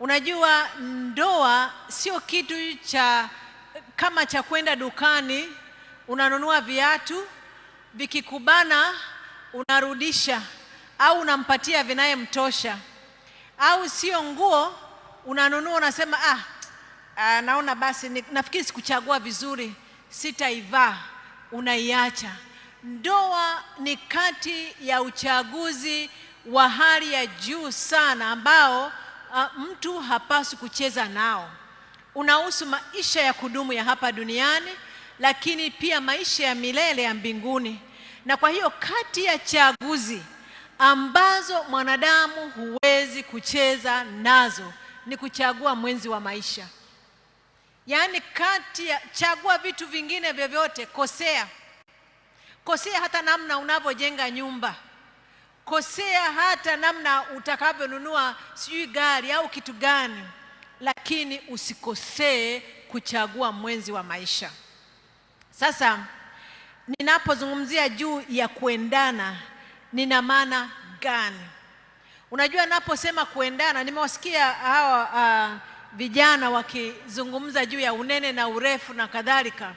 Unajua, ndoa sio kitu cha kama cha kwenda dukani unanunua viatu vikikubana unarudisha au unampatia vinayemtosha, au sio nguo unanunua unasema ah, ah, naona basi ni, nafikiri sikuchagua vizuri, sitaivaa, unaiacha. Ndoa ni kati ya uchaguzi wa hali ya juu sana ambao uh, mtu hapaswi kucheza nao. Unahusu maisha ya kudumu ya hapa duniani, lakini pia maisha ya milele ya mbinguni. Na kwa hiyo kati ya chaguzi ambazo mwanadamu huwezi kucheza nazo ni kuchagua mwenzi wa maisha, yaani kati ya chagua vitu vingine vyovyote, kosea kosea hata namna unavyojenga nyumba kosea hata namna utakavyonunua sijui gari au kitu gani, lakini usikosee kuchagua mwenzi wa maisha. Sasa ninapozungumzia juu ya kuendana, nina maana gani? Unajua, naposema kuendana, nimewasikia hawa uh, vijana wakizungumza juu ya unene na urefu na kadhalika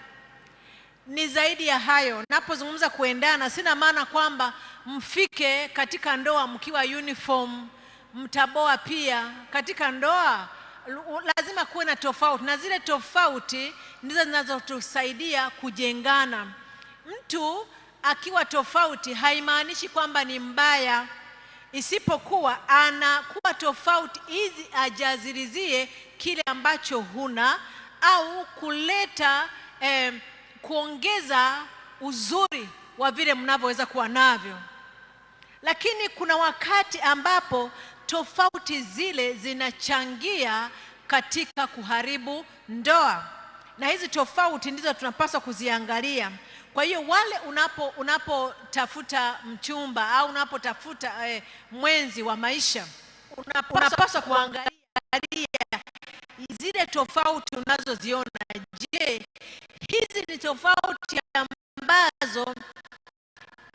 ni zaidi ya hayo. Napozungumza kuendana, sina maana kwamba mfike katika ndoa mkiwa uniform, mtaboa pia katika ndoa. Lazima kuwe na tofauti, na zile tofauti ndizo zinazotusaidia kujengana. Mtu akiwa tofauti haimaanishi kwamba ni mbaya, isipokuwa anakuwa tofauti hizi ajazirizie kile ambacho huna au kuleta eh, kuongeza uzuri wa vile mnavyoweza kuwa navyo, lakini kuna wakati ambapo tofauti zile zinachangia katika kuharibu ndoa, na hizi tofauti ndizo tunapaswa kuziangalia. Kwa hiyo wale unapo unapotafuta mchumba au unapotafuta eh, mwenzi wa maisha unapaswa, unapaswa kuangalia zile tofauti unazoziona. Je, Hizi ni tofauti ambazo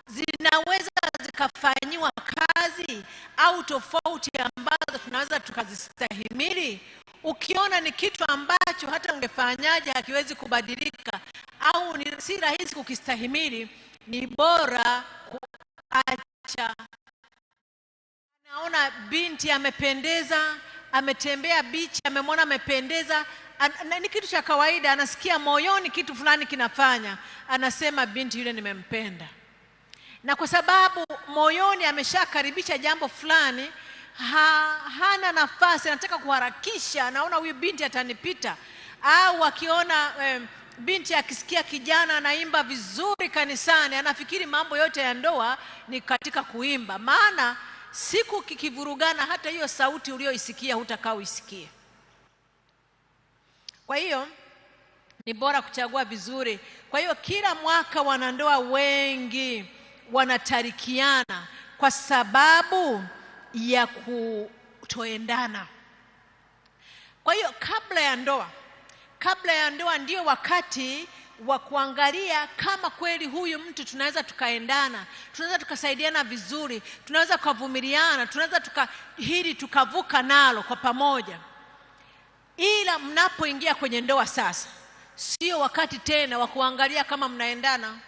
zinaweza zikafanyiwa kazi au tofauti ambazo tunaweza tukazistahimili. Ukiona ni kitu ambacho hata ungefanyaje hakiwezi kubadilika au ni si rahisi kukistahimili, ni bora kuacha. Naona binti amependeza, ametembea bichi, amemwona amependeza ni kitu cha kawaida, anasikia moyoni kitu fulani kinafanya, anasema binti yule nimempenda. Na kwa sababu moyoni ameshakaribisha jambo fulani, ha, hana nafasi, anataka kuharakisha, anaona huyu binti atanipita. Au akiona eh, binti akisikia kijana anaimba vizuri kanisani, anafikiri mambo yote ya ndoa ni katika kuimba, maana siku kikivurugana, hata hiyo sauti uliyoisikia hutakaa uisikie. Kwa hiyo ni bora kuchagua vizuri. Kwa hiyo kila mwaka wanandoa wengi wanatarikiana kwa sababu ya kutoendana. Kwa hiyo kabla ya ndoa, kabla ya ndoa ndio wakati wa kuangalia kama kweli huyu mtu tunaweza tukaendana, tunaweza tukasaidiana vizuri, tunaweza tukavumiliana, tunaweza tuka hili tukavuka nalo kwa pamoja ila mnapoingia kwenye ndoa sasa sio wakati tena wa kuangalia kama mnaendana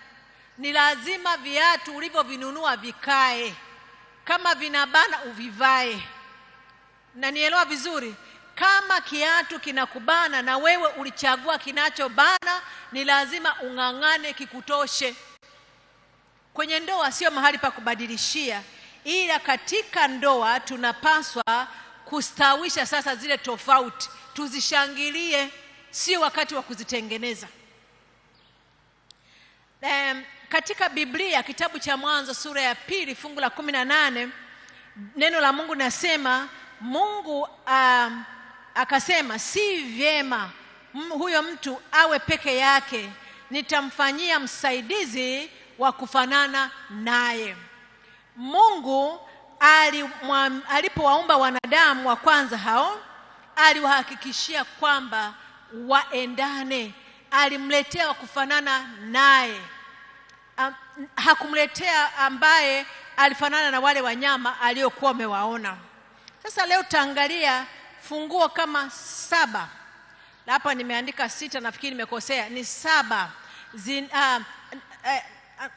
ni lazima viatu ulivyovinunua vikae kama vinabana uvivae na nielewa vizuri kama kiatu kinakubana na wewe ulichagua kinachobana ni lazima ung'ang'ane kikutoshe kwenye ndoa sio mahali pa kubadilishia ila katika ndoa tunapaswa kustawisha sasa zile tofauti tuzishangilie, sio wakati wa kuzitengeneza. Um, katika Biblia kitabu cha Mwanzo sura ya pili fungu la kumi na nane neno la Mungu nasema Mungu um, akasema si vyema huyo mtu awe peke yake, nitamfanyia msaidizi wa kufanana naye. Mungu alipowaumba wanadamu wa kwanza hao aliwahakikishia kwamba waendane, alimletea wa kufanana naye um, hakumletea ambaye alifanana na wale wanyama aliokuwa amewaona. Sasa leo taangalia funguo kama saba, hapa nimeandika sita, nafikiri nimekosea, ni saba Zin, uh, uh, eh, ah,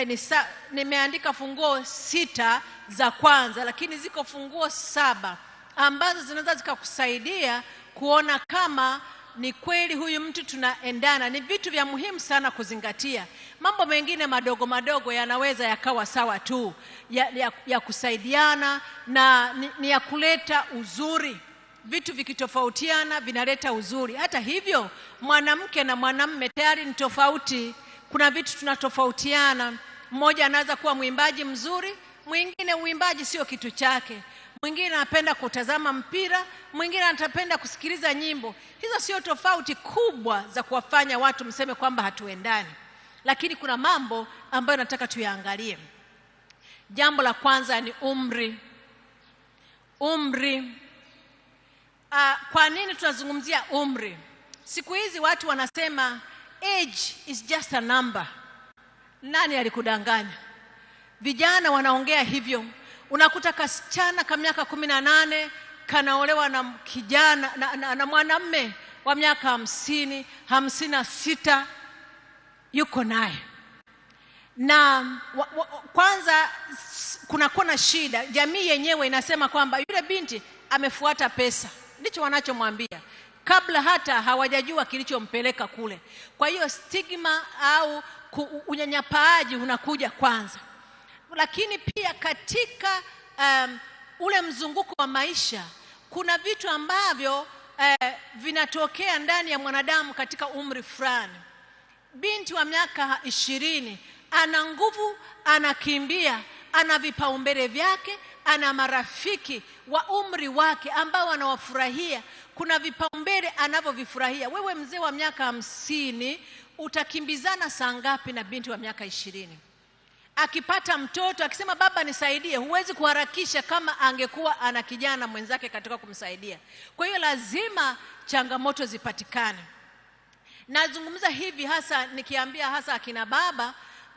eh nisa, nimeandika funguo sita za kwanza, lakini ziko funguo saba ambazo zinaweza zikakusaidia kuona kama ni kweli huyu mtu tunaendana. Ni vitu vya muhimu sana kuzingatia. Mambo mengine madogo madogo yanaweza yakawa sawa tu ya, ya, ya kusaidiana na ni, ni ya kuleta uzuri. Vitu vikitofautiana vinaleta uzuri. Hata hivyo, mwanamke na mwanamume tayari ni tofauti. Kuna vitu tunatofautiana. Mmoja anaweza kuwa mwimbaji mzuri, mwingine uimbaji sio kitu chake mwingine anapenda kutazama mpira, mwingine anapenda kusikiliza nyimbo. Hizo sio tofauti kubwa za kuwafanya watu mseme kwamba hatuendani, lakini kuna mambo ambayo nataka tuyaangalie. Jambo la kwanza ni umri. Umri. Uh, kwa nini tunazungumzia umri? Siku hizi watu wanasema age is just a number. Nani alikudanganya? Vijana wanaongea hivyo Unakuta kasichana ka miaka kumi na nane kanaolewa na kijana na, na, na mwanamme wa miaka hamsini hamsini na sita yuko naye na wa, wa, kwanza kunakuwa na shida. Jamii yenyewe inasema kwamba yule binti amefuata pesa, ndicho wanachomwambia kabla hata hawajajua kilichompeleka kule. Kwa hiyo stigma au unyanyapaaji unakuja kwanza lakini pia katika um, ule mzunguko wa maisha kuna vitu ambavyo eh, vinatokea ndani ya mwanadamu katika umri fulani. Binti wa miaka ishirini ana nguvu, anakimbia, ana vipaumbele vyake, ana marafiki wa umri wake ambao anawafurahia. Kuna vipaumbele anavyovifurahia. Wewe mzee wa miaka hamsini utakimbizana saa ngapi na binti wa miaka ishirini? akipata mtoto akisema baba nisaidie huwezi kuharakisha kama angekuwa ana kijana mwenzake katika kumsaidia kwa hiyo lazima changamoto zipatikane nazungumza hivi hasa nikiambia hasa akina baba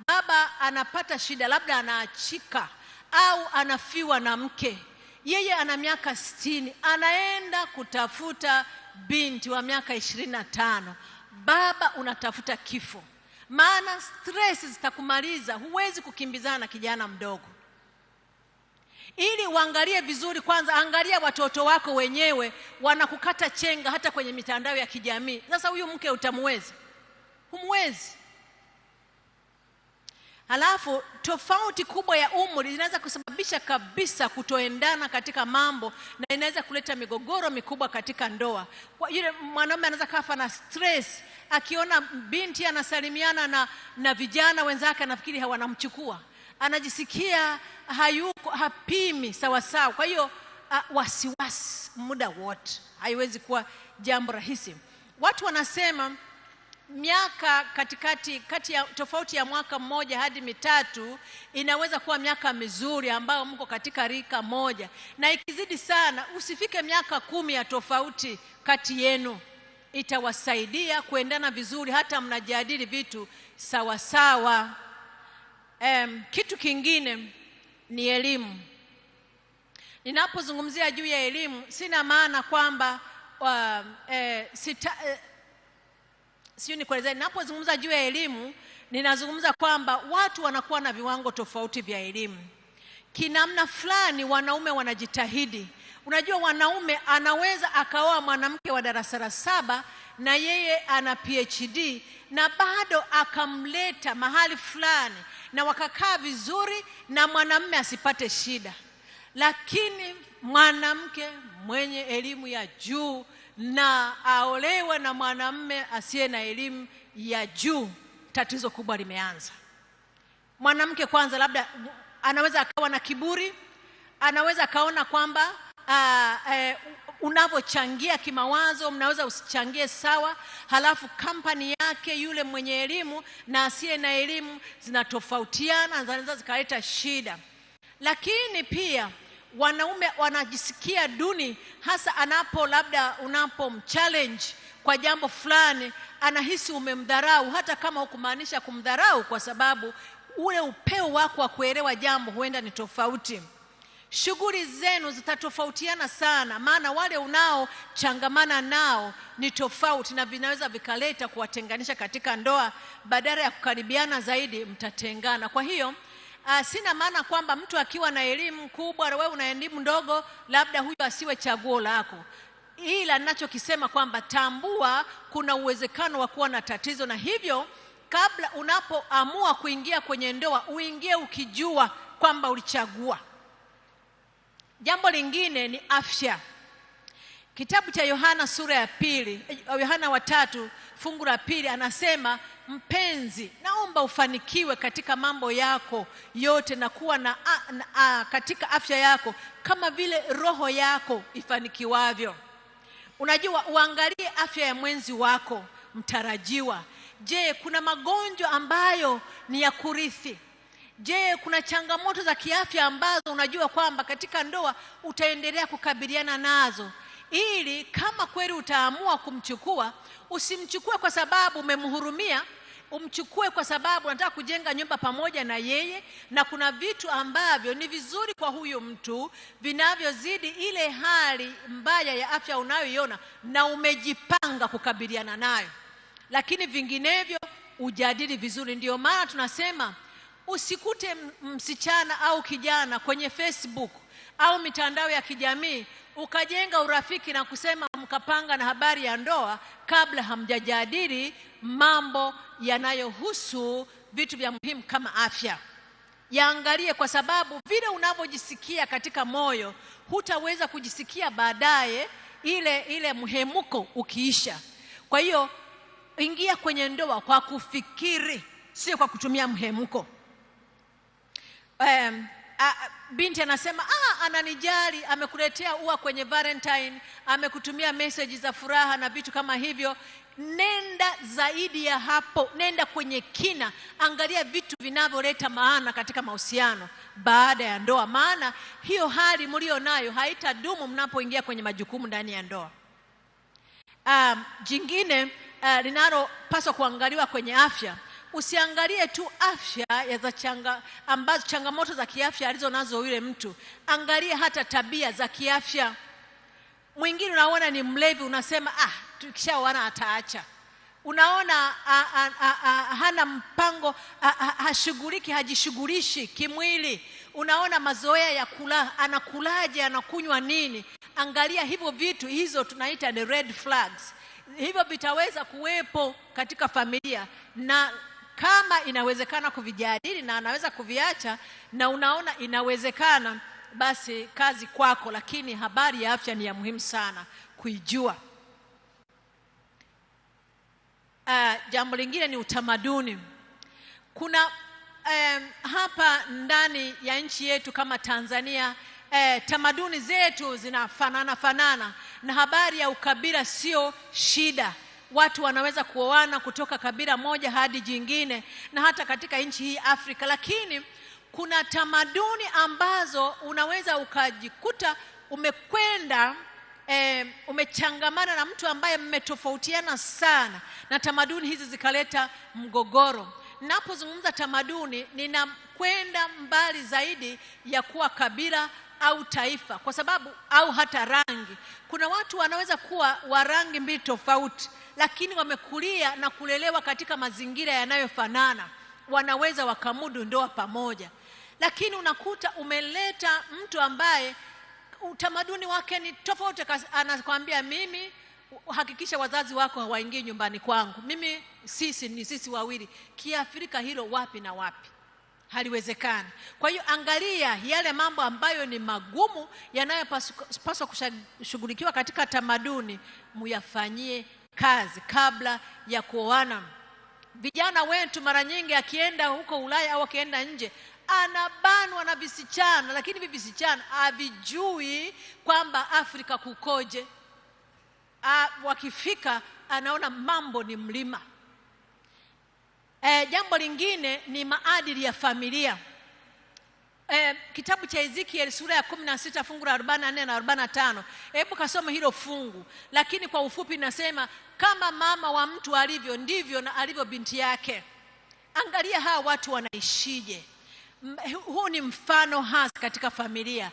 baba anapata shida labda anaachika au anafiwa na mke yeye ana miaka sitini anaenda kutafuta binti wa miaka ishirini na tano baba unatafuta kifo maana stress zitakumaliza. Huwezi kukimbizana na kijana mdogo. Ili uangalie vizuri, kwanza angalia watoto wako wenyewe wanakukata chenga hata kwenye mitandao ya kijamii. Sasa huyu mke utamwezi? Humwezi. Halafu tofauti kubwa ya umri inaweza kusababisha kabisa kutoendana katika mambo na inaweza kuleta migogoro mikubwa katika ndoa. Kwa yule mwanaume anaweza kafa na stress akiona binti anasalimiana na, na vijana wenzake anafikiri hawanamchukua, anajisikia hayuko, hapimi sawasawa. Kwa hiyo uh, wasiwasi muda wote, haiwezi kuwa jambo rahisi. Watu wanasema miaka katikati kati ya tofauti ya mwaka mmoja hadi mitatu inaweza kuwa miaka mizuri ambayo mko katika rika moja, na ikizidi sana usifike miaka kumi ya tofauti kati yenu, itawasaidia kuendana vizuri, hata mnajadili vitu sawa sawa. Um, kitu kingine ni elimu. Ninapozungumzia juu ya elimu, sina maana kwamba uh, eh, sita, eh, sijui nikuelezee, ninapozungumza juu ya elimu ninazungumza kwamba watu wanakuwa na viwango tofauti vya elimu. Kinamna fulani wanaume wanajitahidi. Unajua, wanaume anaweza akaoa mwanamke wa darasa la saba na yeye ana PhD na bado akamleta mahali fulani na wakakaa vizuri na mwanamme asipate shida, lakini mwanamke mwenye elimu ya juu na aolewe na mwanamme asiye na elimu ya juu, tatizo kubwa limeanza. Mwanamke kwanza, labda anaweza akawa na kiburi, anaweza akaona kwamba uh, uh, unavyochangia kimawazo mnaweza usichangie sawa, halafu kampani yake yule mwenye elimu na asiye na elimu zinatofautiana, zinaweza zikaleta shida, lakini pia wanaume wanajisikia duni, hasa anapo labda unapomchallenge kwa jambo fulani, anahisi umemdharau, hata kama hukumaanisha kumdharau, kwa sababu ule upeo wako wa kuelewa jambo huenda ni tofauti. Shughuli zenu zitatofautiana sana, maana wale unaochangamana nao ni tofauti, na vinaweza vikaleta kuwatenganisha katika ndoa. Badala ya kukaribiana zaidi, mtatengana. Kwa hiyo Uh, sina maana kwamba mtu akiwa na elimu kubwa, wewe una elimu ndogo, labda huyo asiwe chaguo lako, ila ninachokisema kwamba tambua, kuna uwezekano wa kuwa na tatizo, na hivyo kabla unapoamua kuingia kwenye ndoa uingie ukijua kwamba ulichagua. Jambo lingine ni afya. Kitabu cha Yohana sura ya pili, eh, Yohana wa tatu fungu la pili anasema, mpenzi, naomba ufanikiwe katika mambo yako yote na kuwa na, a, na a, katika afya yako kama vile roho yako ifanikiwavyo. Unajua, uangalie afya ya mwenzi wako mtarajiwa. Je, kuna magonjwa ambayo ni ya kurithi? Je, kuna changamoto za kiafya ambazo unajua kwamba katika ndoa utaendelea kukabiliana nazo? ili kama kweli utaamua kumchukua usimchukue kwa sababu umemhurumia umchukue kwa sababu anataka kujenga nyumba pamoja na yeye, na kuna vitu ambavyo ni vizuri kwa huyu mtu vinavyozidi ile hali mbaya ya afya unayoiona na umejipanga kukabiliana nayo, lakini vinginevyo ujadili vizuri. Ndiyo maana tunasema usikute msichana au kijana kwenye Facebook au mitandao ya kijamii ukajenga urafiki na kusema mkapanga na habari ya ndoa kabla hamjajadili mambo yanayohusu vitu vya muhimu kama afya. Yaangalie, kwa sababu vile unavyojisikia katika moyo hutaweza kujisikia baadaye ile ile mhemuko ukiisha. Kwa hiyo ingia kwenye ndoa kwa kufikiri, sio kwa kutumia mhemuko. Um, a, binti anasema ah, ananijali, amekuletea ua kwenye Valentine, amekutumia message za furaha na vitu kama hivyo. Nenda zaidi ya hapo, nenda kwenye kina, angalia vitu vinavyoleta maana katika mahusiano baada ya ndoa, maana hiyo hali mlio nayo haitadumu mnapoingia kwenye majukumu ndani ya ndoa. Um, jingine uh, linalopaswa kuangaliwa kwenye afya usiangalie tu afya ya za changa, ambazo changamoto za kiafya alizo nazo yule mtu, angalie hata tabia za kiafya. Mwingine unaona ni mlevi, unasema ah, tukishaoana ataacha. Unaona a, a, a, a, hana mpango hashughuliki, hajishughulishi kimwili. Unaona mazoea ya kula, anakulaje, anakunywa nini? Angalia hivyo vitu, hizo tunaita the red flags. Hivyo vitaweza kuwepo katika familia na kama inawezekana kuvijadili na anaweza kuviacha na unaona inawezekana, basi kazi kwako, lakini habari ya afya ni ya muhimu sana kuijua. Uh, jambo lingine ni utamaduni. Kuna um, hapa ndani ya nchi yetu kama Tanzania Eh, tamaduni zetu zinafanana fanana na habari ya ukabila sio shida watu wanaweza kuoana kutoka kabila moja hadi jingine na hata katika nchi hii Afrika, lakini kuna tamaduni ambazo unaweza ukajikuta umekwenda e, umechangamana na mtu ambaye mmetofautiana sana, na tamaduni hizi zikaleta mgogoro. Napozungumza tamaduni, ninakwenda mbali zaidi ya kuwa kabila au taifa, kwa sababu au hata rangi. Kuna watu wanaweza kuwa wa rangi mbili tofauti, lakini wamekulia na kulelewa katika mazingira yanayofanana, wanaweza wakamudu ndoa pamoja. Lakini unakuta umeleta mtu ambaye utamaduni wake ni tofauti, anakwambia mimi hakikisha wazazi wako hawaingii nyumbani kwangu, mimi sisi ni sisi wawili. Kiafrika hilo wapi na wapi? haliwezekani. Kwa hiyo angalia yale mambo ambayo ni magumu yanayopaswa kushughulikiwa katika tamaduni, muyafanyie kazi kabla ya kuoana. Vijana wetu mara nyingi akienda huko Ulaya au akienda nje anabanwa na visichana, lakini hivi visichana havijui kwamba Afrika kukoje. A, wakifika anaona mambo ni mlima E, jambo lingine ni maadili ya familia. E, kitabu cha Ezekiel sura ya kumi na fungu la 44 na 45. Hebu kasome hilo fungu, lakini kwa ufupi nasema kama mama wa mtu alivyo ndivyo na alivyo binti yake. Angalia hawa watu wanaishije. Huu ni mfano hasa katika familia.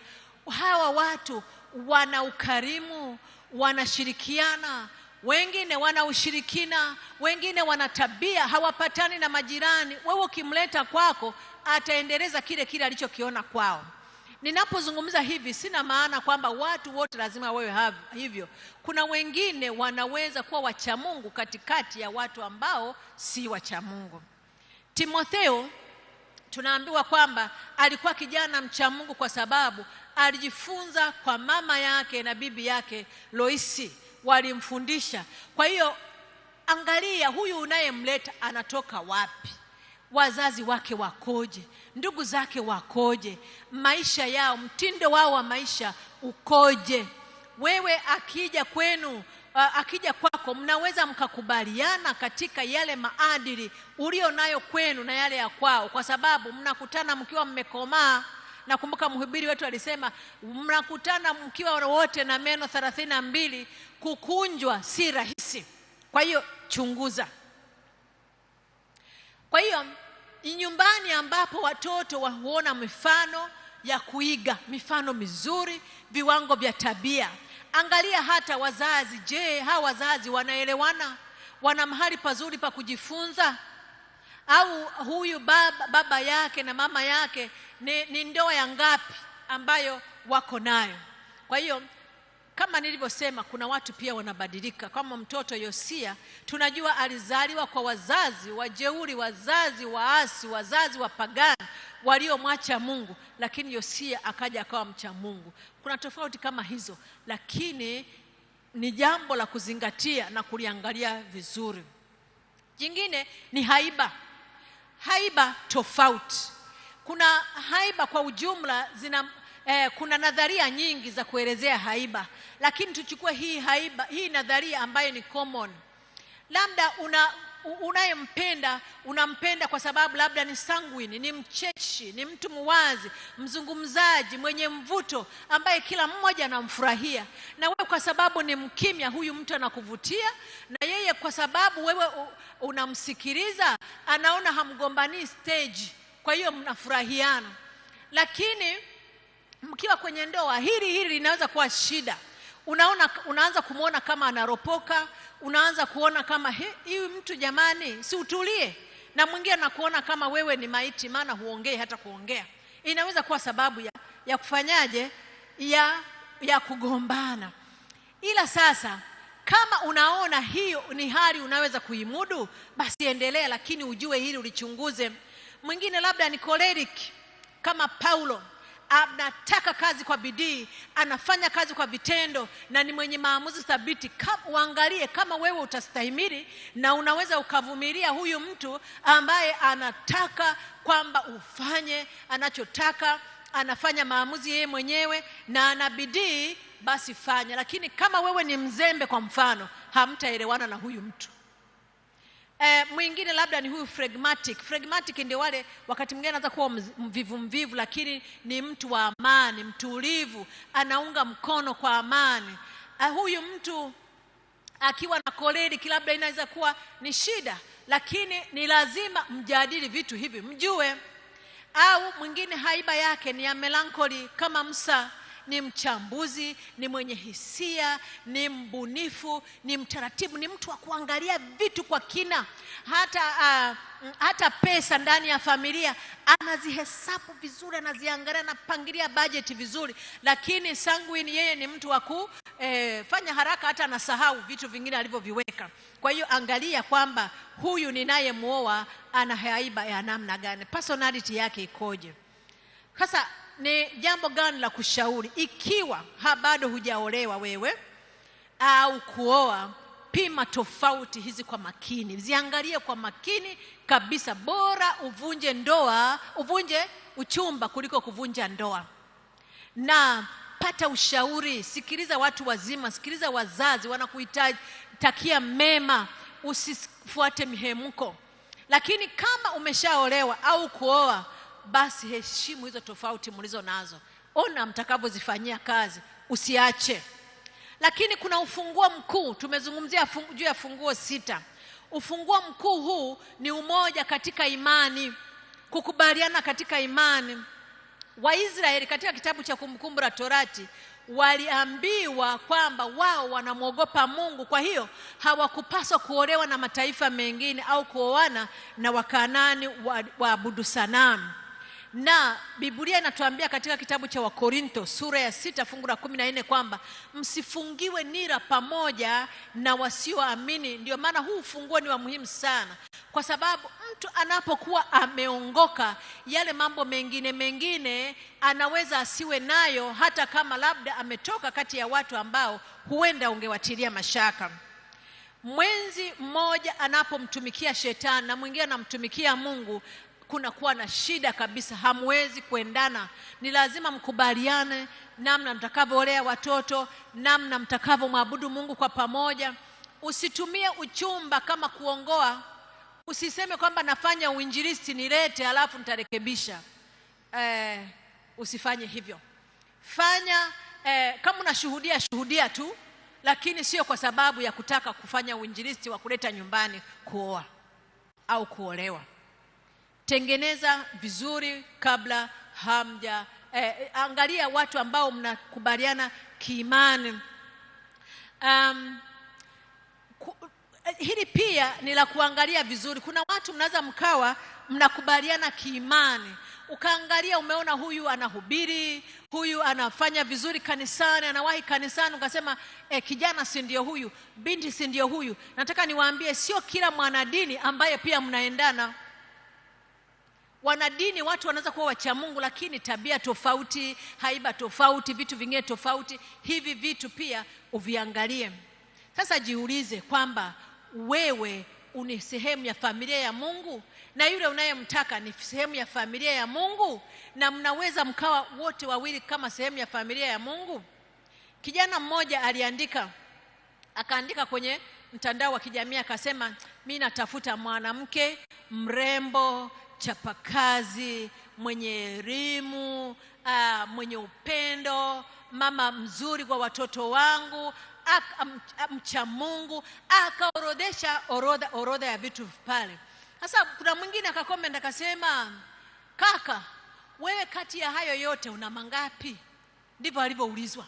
Hawa watu wana ukarimu, wanashirikiana wengine wana ushirikina, wengine wana tabia, hawapatani na majirani. Wewe ukimleta kwako, ataendeleza kile kile alichokiona kwao. Ninapozungumza hivi, sina maana kwamba watu wote lazima wawe hivyo. Kuna wengine wanaweza kuwa wacha Mungu katikati ya watu ambao si wacha Mungu. Timotheo tunaambiwa kwamba alikuwa kijana mcha Mungu kwa sababu alijifunza kwa mama yake na bibi yake Loisi walimfundisha. Kwa hiyo angalia huyu unayemleta anatoka wapi, wazazi wake wakoje, ndugu zake wakoje, maisha yao, mtindo wao wa maisha ukoje. Wewe akija kwenu Uh, akija kwako mnaweza mkakubaliana katika yale maadili ulionayo kwenu na yale ya kwao, kwa sababu mnakutana mkiwa mmekomaa nakumbuka mhubiri wetu alisema mnakutana mkiwa wote na meno thelathini na mbili kukunjwa si rahisi kwa hiyo chunguza kwa hiyo nyumbani ambapo watoto wahuona mifano ya kuiga mifano mizuri viwango vya tabia angalia hata wazazi je hawa wazazi wanaelewana wana mahali pazuri pa kujifunza au huyu baba, baba yake na mama yake ni, ni ndoa ya ngapi ambayo wako nayo kwa hiyo kama nilivyosema kuna watu pia wanabadilika kama mtoto Yosia tunajua alizaliwa kwa wazazi wajeuri wazazi waasi wazazi wa pagani waliomwacha Mungu lakini Yosia akaja akawa mcha Mungu kuna tofauti kama hizo lakini ni jambo la kuzingatia na kuliangalia vizuri jingine ni haiba haiba tofauti. Kuna haiba kwa ujumla zina eh, kuna nadharia nyingi za kuelezea haiba, lakini tuchukue hii haiba, hii nadharia ambayo ni common. Labda una unayempenda unampenda kwa sababu labda ni sanguini ni mcheshi ni mtu muwazi mzungumzaji mwenye mvuto ambaye kila mmoja anamfurahia na wewe kwa sababu ni mkimya huyu mtu anakuvutia na yeye kwa sababu wewe unamsikiliza anaona hamgombanii stage kwa hiyo mnafurahiana lakini mkiwa kwenye ndoa hili hili linaweza kuwa shida unaona, unaanza kumwona kama anaropoka, unaanza kuona kama hii mtu jamani, si utulie. Na mwingine anakuona kama wewe ni maiti, maana huongei hata kuongea. Inaweza kuwa sababu ya, ya kufanyaje ya, ya kugombana. Ila sasa kama unaona hiyo ni hali unaweza kuimudu, basi endelea, lakini ujue hili ulichunguze. Mwingine labda ni choleric kama Paulo anataka kazi kwa bidii, anafanya kazi kwa vitendo na ni mwenye maamuzi thabiti. Uangalie kama wewe utastahimili na unaweza ukavumilia huyu mtu ambaye anataka kwamba ufanye anachotaka, anafanya maamuzi yeye mwenyewe na ana bidii, basi fanya. Lakini kama wewe ni mzembe, kwa mfano, hamtaelewana na huyu mtu. E, mwingine labda ni huyu phlegmatic. Phlegmatic ndio wale wakati mwingine anaweza kuwa mvivu mvivu, lakini ni mtu wa amani, mtulivu, anaunga mkono kwa amani. E, huyu mtu akiwa na koleri labda inaweza kuwa ni shida, lakini ni lazima mjadili vitu hivi mjue. Au mwingine haiba yake ni ya melankholi kama Musa ni mchambuzi, ni mwenye hisia, ni mbunifu, ni mtaratibu, ni mtu wa kuangalia vitu kwa kina. Hata uh, hata pesa ndani ya familia anazihesabu vizuri, anaziangalia, anapangilia bajeti vizuri. Lakini sanguine, yeye ni mtu wa kufanya eh, haraka, hata anasahau vitu vingine alivyoviweka. Kwa hiyo angalia kwamba huyu ninayemwoa ana haiba ya namna gani, personality yake ikoje. Sasa ni jambo gani la kushauri ikiwa ha bado hujaolewa wewe au kuoa pima tofauti hizi kwa makini ziangalie kwa makini kabisa bora uvunje ndoa uvunje uchumba kuliko kuvunja ndoa na pata ushauri sikiliza watu wazima sikiliza wazazi wanakuhitaji takia mema usifuate mihemko lakini kama umeshaolewa au kuoa basi heshimu hizo tofauti mlizo nazo, ona mtakavyozifanyia kazi, usiache. Lakini kuna ufunguo mkuu, tumezungumzia juu ya funguo sita. Ufunguo mkuu huu ni umoja katika imani, kukubaliana katika imani. Waisraeli katika kitabu cha Kumbukumbu la Torati waliambiwa kwamba wao wanamwogopa Mungu, kwa hiyo hawakupaswa kuolewa na mataifa mengine au kuoana na Wakanani waabudu sanamu na Biblia inatuambia katika kitabu cha Wakorinto sura ya sita fungu la kumi na nne kwamba msifungiwe nira pamoja na wasioamini. Ndio maana huu ufunguo ni wa muhimu sana, kwa sababu mtu anapokuwa ameongoka, yale mambo mengine mengine anaweza asiwe nayo, hata kama labda ametoka kati ya watu ambao huenda ungewatilia mashaka. Mwenzi mmoja anapomtumikia shetani na mwingine anamtumikia Mungu, kunakuwa na shida kabisa, hamwezi kuendana. Ni lazima mkubaliane namna mtakavyolea watoto, namna mtakavyomwabudu Mungu kwa pamoja. Usitumie uchumba kama kuongoa. Usiseme kwamba nafanya uinjilisti nilete alafu nitarekebisha. E, usifanye hivyo. Fanya e, kama unashuhudia, shuhudia tu, lakini sio kwa sababu ya kutaka kufanya uinjilisti wa kuleta nyumbani kuoa au kuolewa tengeneza vizuri kabla hamja eh, angalia watu ambao mnakubaliana kiimani um, ku, eh, hili pia ni la kuangalia vizuri. Kuna watu mnaweza mkawa mnakubaliana kiimani, ukaangalia, umeona huyu anahubiri, huyu anafanya vizuri kanisani, anawahi kanisani, ukasema eh, kijana si ndio huyu, binti si ndio huyu. Nataka niwaambie, sio kila mwanadini ambaye pia mnaendana Wanadini watu wanaweza kuwa wacha Mungu, lakini tabia tofauti, haiba tofauti, vitu vingine tofauti. Hivi vitu pia uviangalie. Sasa jiulize kwamba wewe ni sehemu ya familia ya Mungu na yule unayemtaka ni sehemu ya familia ya Mungu, na mnaweza mkawa wote wawili kama sehemu ya familia ya Mungu. Kijana mmoja aliandika, akaandika kwenye mtandao wa kijamii akasema, mi natafuta mwanamke mrembo chapakazi, mwenye elimu, uh, ah, mwenye upendo, mama mzuri kwa watoto wangu, mcha Mungu, akaorodhesha orodha, orodha ya vitu pale. Sasa kuna mwingine akakomenda akasema, kaka wewe, kati ya hayo yote una mangapi? Ndivyo alivyoulizwa.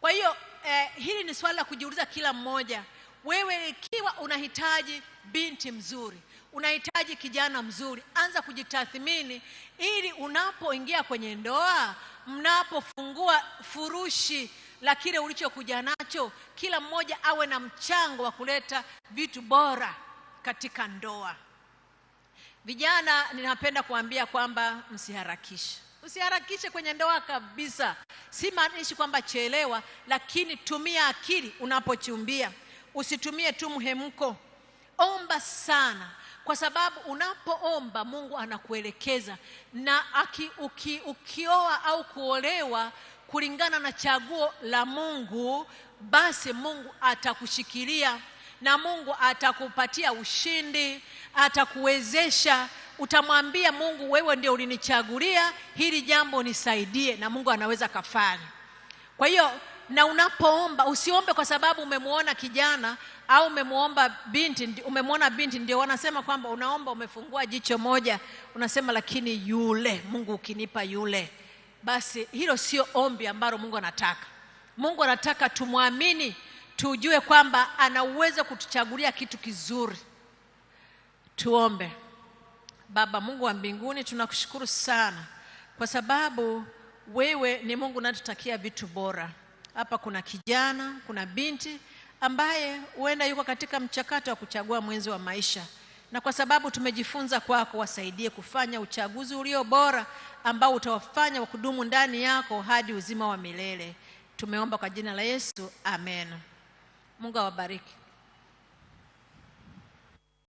Kwa hiyo eh, hili ni swala la kujiuliza kila mmoja. Wewe ikiwa unahitaji binti mzuri unahitaji kijana mzuri. Anza kujitathmini, ili unapoingia kwenye ndoa, mnapofungua furushi la kile ulichokuja nacho, kila mmoja awe na mchango wa kuleta vitu bora katika ndoa. Vijana, ninapenda kuambia kwamba msiharakishe, usiharakishe kwenye ndoa kabisa. Si maanishi kwamba chelewa, lakini tumia akili unapochumbia, usitumie tu mhemko. Omba sana kwa sababu unapoomba Mungu anakuelekeza na aki, uki, ukioa au kuolewa kulingana na chaguo la Mungu, basi Mungu atakushikilia na Mungu atakupatia ushindi, atakuwezesha. Utamwambia Mungu, wewe ndio ulinichagulia hili jambo, nisaidie, na Mungu anaweza kafanya. Kwa hiyo na unapoomba usiombe kwa sababu umemwona kijana au umemwomba binti umemwona binti ndio wanasema kwamba unaomba umefungua jicho moja unasema lakini yule mungu ukinipa yule basi hilo sio ombi ambalo mungu anataka mungu anataka tumwamini tujue kwamba ana uwezo kutuchagulia kitu kizuri tuombe baba mungu wa mbinguni tunakushukuru sana kwa sababu wewe ni mungu unatutakia vitu bora hapa kuna kijana, kuna binti ambaye huenda yuko katika mchakato wa kuchagua mwenzi wa maisha, na kwa sababu tumejifunza kwako, wasaidie kufanya uchaguzi ulio bora ambao utawafanya wakudumu ndani yako hadi uzima wa milele. Tumeomba kwa jina la Yesu, amen. Mungu awabariki.